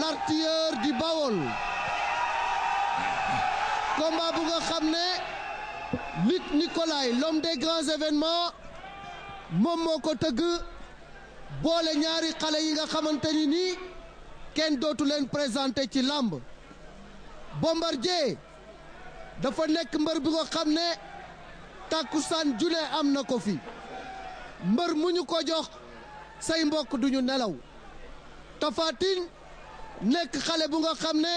l'artilleur du Baol combat bu nga xam ne Luc Nicolaï l'homme des grands événements moom moo ko tëgg boole ñaari xale yi nga xamante ni nii kenn dootu leen présenté ci làmb bombar Bombardier dafa nekk mbër bi nga xam ne tàkkusaan june am na ko fi mbër mu ñu ko jox say mbokk duñu nelaw Tapha nekk xale bu nga xam ne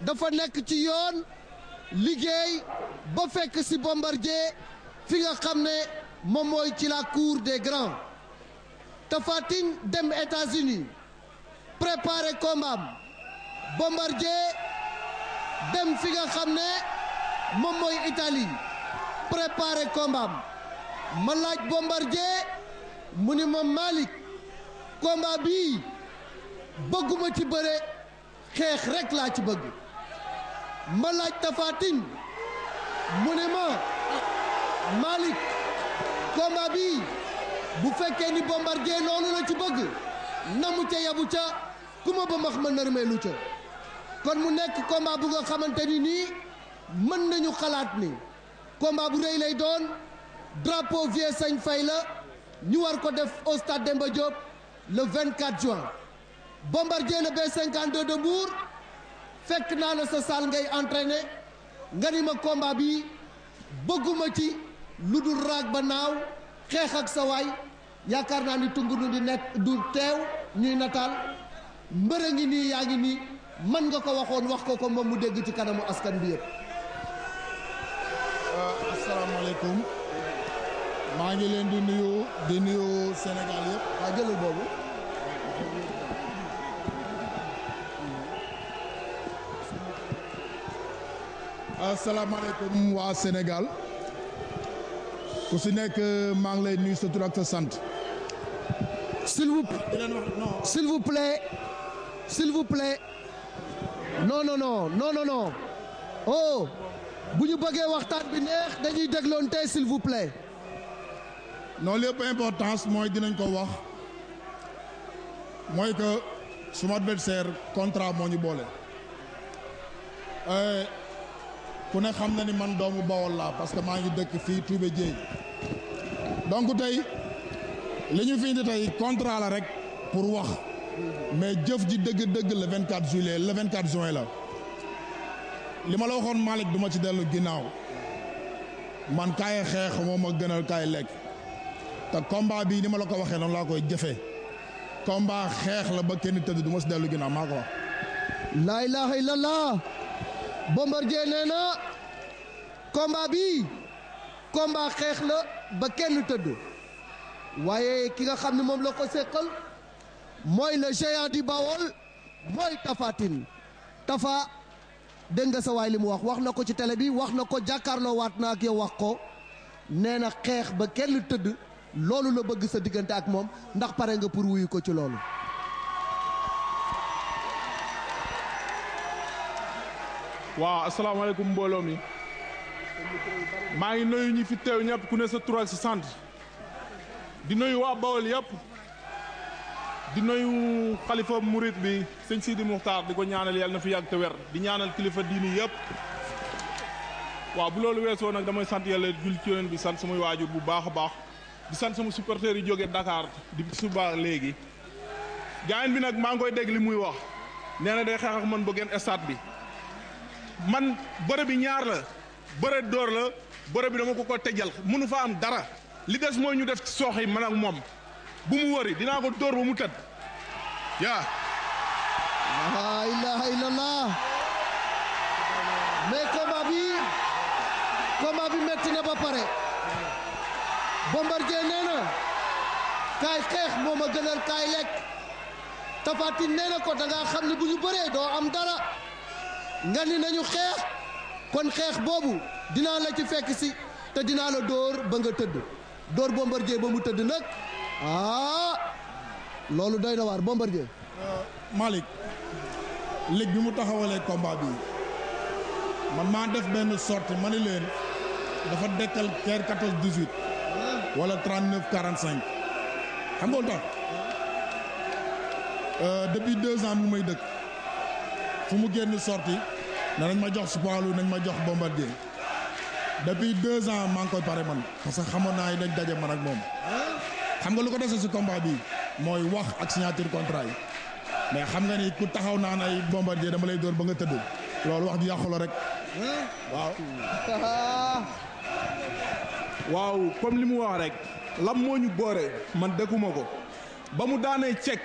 dafa nekk ci yoon liggéey ba fekk si Bombardier fi nga xam ne moom mooy ci la cour des grands Tapha Tine dem États-Unis préparé combat Bombardier dem fi nga xam ne moom itali Italie préparé combat ma laaj Bombardier mu ni ma Malick combat bii bëgguma ci bëre xeex rekk laa ci bëgg ma laaj tafaatin mu ne ma Malick combat bi bu fekkee ni bombardier loolu la ci bëgg namu ca yabu ca ku ma ba max ma narmee ca kon mu nekk combat bu nga xamante ni nii mën nañu xalaat ni combat bu rëy lay doon drapo vieux Sagne Faye la ñu war ko def au stade Demba Diop le 24 bombardier le B52 de Mbour fekk na la sa sal ngay entraîner ngani ma combat bi bëgguma ci luddul rag ba naw xex ak sa way yaakaar na ni tungu di net du tew ñuy natal mbër ngi ni yaangi ni man nga ko waxoon wax ko ko mom mu deg ci kanamu askan bi euh, assalamu alaykum ma ngi len di nuyu di nuyu senegal yepp waa jëlal bobu alaikum, wa Sénégal ku si que maa ngi lay s'il vous s'il vous plaît s'il vous plaît non non non non non non oh bu ñu bëggee waxtaan bi neex dañuy dégloonte s'il vous plaît. non lépp Moi, je dinañ ko wax Moi, que son adversaire contre mon ñu Euh, ku ne xam na ni man doomu Bawol laa parce que maa ngi dëkk fii Touba Dieye donc tey li ñu fi indi tey contrat la rek pour wax mais jëf ji dëgg-dëgg le 24 juillet le 24 juin la li ma la waxoon Malick du ma ci dellu ginnaaw man kaay xeex moo ma gënal kaay lekk te combat bii ni ma la ko waxee noonu laa koy jëfee combat xeex la ba kenn tëdd du ma si dellu ginnaaw maa ko wax. laa ilaaha illallah Bombardier nee na combat bi combat xeex la ba kenn tëdd waaye ki nga xam ne moom la ko seqal mooy le géant du Bawol mooy Tapha Tine Tapha dégg nga sa waay li mu wax wax na ko ci tele bi wax na ko jàkkaarloo waat na ak yow wax ko nee na xeex ba kenn tëdd loolu la bëgg sa diggante ak moom ndax pare nga pour wuyu ko ci loolu waaw asalaamaaleykum mbooloo mi maa ngi nuyu ñu fi teew ñëpp ku ne sa tur ak sant di nuyu waa Bawol yëpp di nuyu xalifa murit bi sëñ Sidi Muxtaar di ko ñaanal yàlla na fi yàgg te wer di ñaanal kilifa diini yëpp waaw bu loolu weesoo nag damay sant yàlla jul ci yonent bi sant samay waajur bu baax a baax di sant sama supporteurs yi jógee Dakar di suba léegi gaayen bi nag maa ngi koy dégg li muy wax nee na day xeex ak man ba génn bi man bërëb bi ñaar la bëre dóor la bëre bi dama ko ko tejal mënu fa am dara li des mooy ñu def ci soox yi man ak moom bu mu wëri dinaa ko dóor ba mu tëdd yaa laa ilaha illallah mais combat bi combat bi metti na ba pare Bombardier nee na kaay xeex moo ma gënal kaay lekk Tapha Tine nee na ko da xam ne bu ñu bëree doo am dara nga nañu xeex kon xeex boobu dinaa la ci fekk si te dinaa la dóor ba nga tëdd dóor Bombardier ba mu tëdd nag ah, loolu doy na waar Bombardier. Euh, Malick bi mu taxawalee combat bi man maa def benn sorte ma ne leen dafa dekkal guerre 14 18 wala 39 45 xam nga lu tax euh, depuis deux ans mu may dëkk fu mu génn sorti nañ ma jox spoilu nañ ma jox bombardier depuis 2 ans maa ngi koy pare man parce que xamona ay dañ dajé man ak mom xam nga lu ko dese si combat bi moy wax ak signature contrat yi mais xam nga ni ku taxaw naan ay bombardier dama lay door ba nga tëdd lolou wax di yàqu rek waaw waaw comme limu wax rek lam moñu boré man dëkkuma ko ba mu daanee cek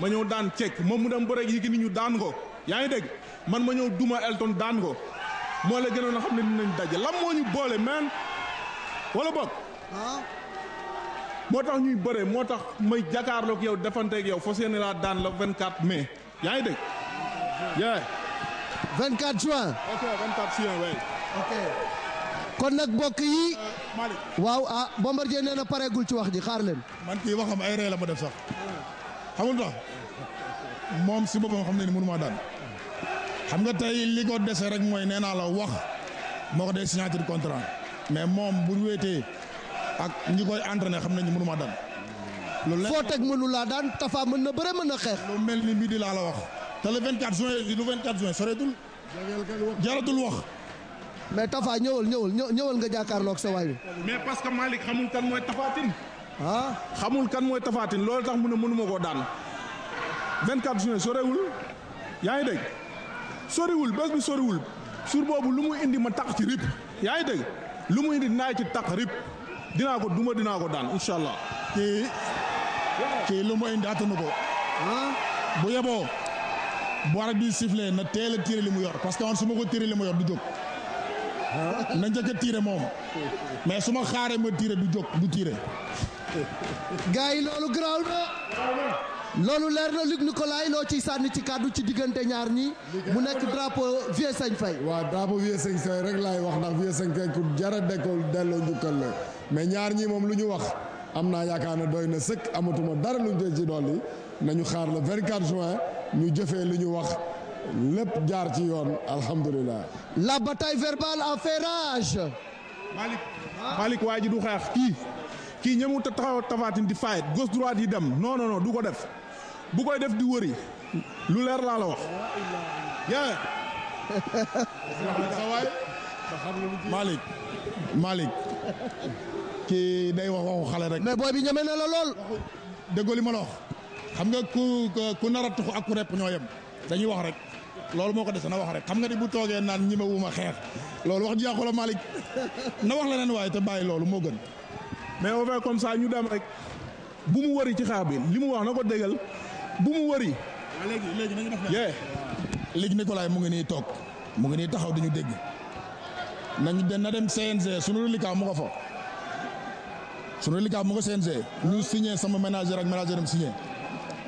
ma ñëw daan cek mo mu dem bëreeg yi ni ñu daan ko yaa ngi dégg man ma ñëw duma elton daan ko moo la gënoon a xam ne dinañ daje lan moo ñu boole man wala bokk ah. moo tax ñuy bëre moo tax may jàkkaarloog yow defanteeg yow fas yéene laa daan la 24 mai yaa ngi dégg yeah 24 juin ok 24 juin oui ok kon nag bokk yi euh, waaw ah bombardier nee na pareegul ci wax ji xaar leen man kii waxam ay ree la ma def sax xamul tax moom si boppam xam ne ni mënuma daan xam nga tey li ko dese rek mooy nee naa la wax moo ko dee signature contrat mais moom bu ñu wéetee ak ñi koy entraîné xam nañu mënuma daan. loolu foo teg mënu laa daan Tapha mën na bëre mën na xeex. moom mel ni midi laa la wax. te le 24 juin le 24 juin soreetul. jaratul wax. mais Tapha ñëwal ñëwal ñëwal nga jàkkaarloog sa waay bi. mais parce que Malick xamul kan mooy Tapha Tine. ah xamul kan mooy Tapha Tine loolu tax mu ne mënuma koo daan 24 juin sorewul yaa ngi dégg. soriwul bés bi soriwul suur boobu lu mu indi ma taq ci rip yaa ngi dégg lu mu indi naay ci taq rip dinaa ko duma dinaa ko daan incha allah. kii kii lu mu indi attanu ko bu yeboo bu arab bi sifflé na teel a tiré li mu yor parce que suma ko tiré li mu yor du jóg na njëkk a tiré moom mais su ma xaaree ma tiré du jóg du tiré. gars loolu garaaw na. loolu leer na Luc Nicolaï loo ciy sànni ci kàddu ci diggante ñaar ñi mu nekk drapeau Vieux Seigne Faye waa drapeau Vieux Seigne Faye rek laay wax ndax Vieux Seigne Faye ku jara dekkool delloo njukkal la mais ñaar ñi moom lu ñu wax am naa yaakaar ne doy na sëkk amatuma dara lu ñu ci dolli nañu xaar le 24 juin ñu jëfee li ñu wax lépp jaar ci yoon alhamdulilah la bataille verbale a fait rage Malick waa ji du xeex kii ki ñëmu ta taxaw tafaatin di fayet gauche droite yi dem non non non du ko def bu koy def di wëri lu leer la la wax malik malik ki day wax waxu xalé rek mais boy bi ñëmé na la lool déggo li ma la wax xam nga ku ku nara tuxu ak ku rep ñoo dañuy wax rek loolu moko ko na wax rek xam nga di bu toge naan ñima wuma xex loolu wax jaxula malik na wax leneen way te bàyyi loolu mo gën mais on fait comme ça ñu dem rek bu mu wëri ci xeex bi li mu wax na ko déggal bu mu wari ah, léegi léegi nañu def léegi Nicolas mu ngi nii toog mu ngi nii taxaw di ñu dégg nañu den na dem CNG sunu reliquat mu ko fa sunu reliquat mu ko CNG ñu signé sama manager ak manager am signé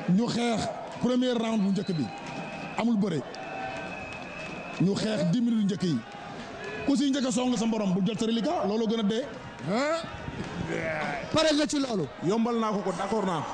ñu xeex premier round bu njëkk bi amul bëre ñu xeex dix minutes njëkk yi ku si njëkk a song sa mborom bu jot sa reliquat looloo gën a dee. pare nga ci loolu. yombal naa ko ko d'accord naa ko.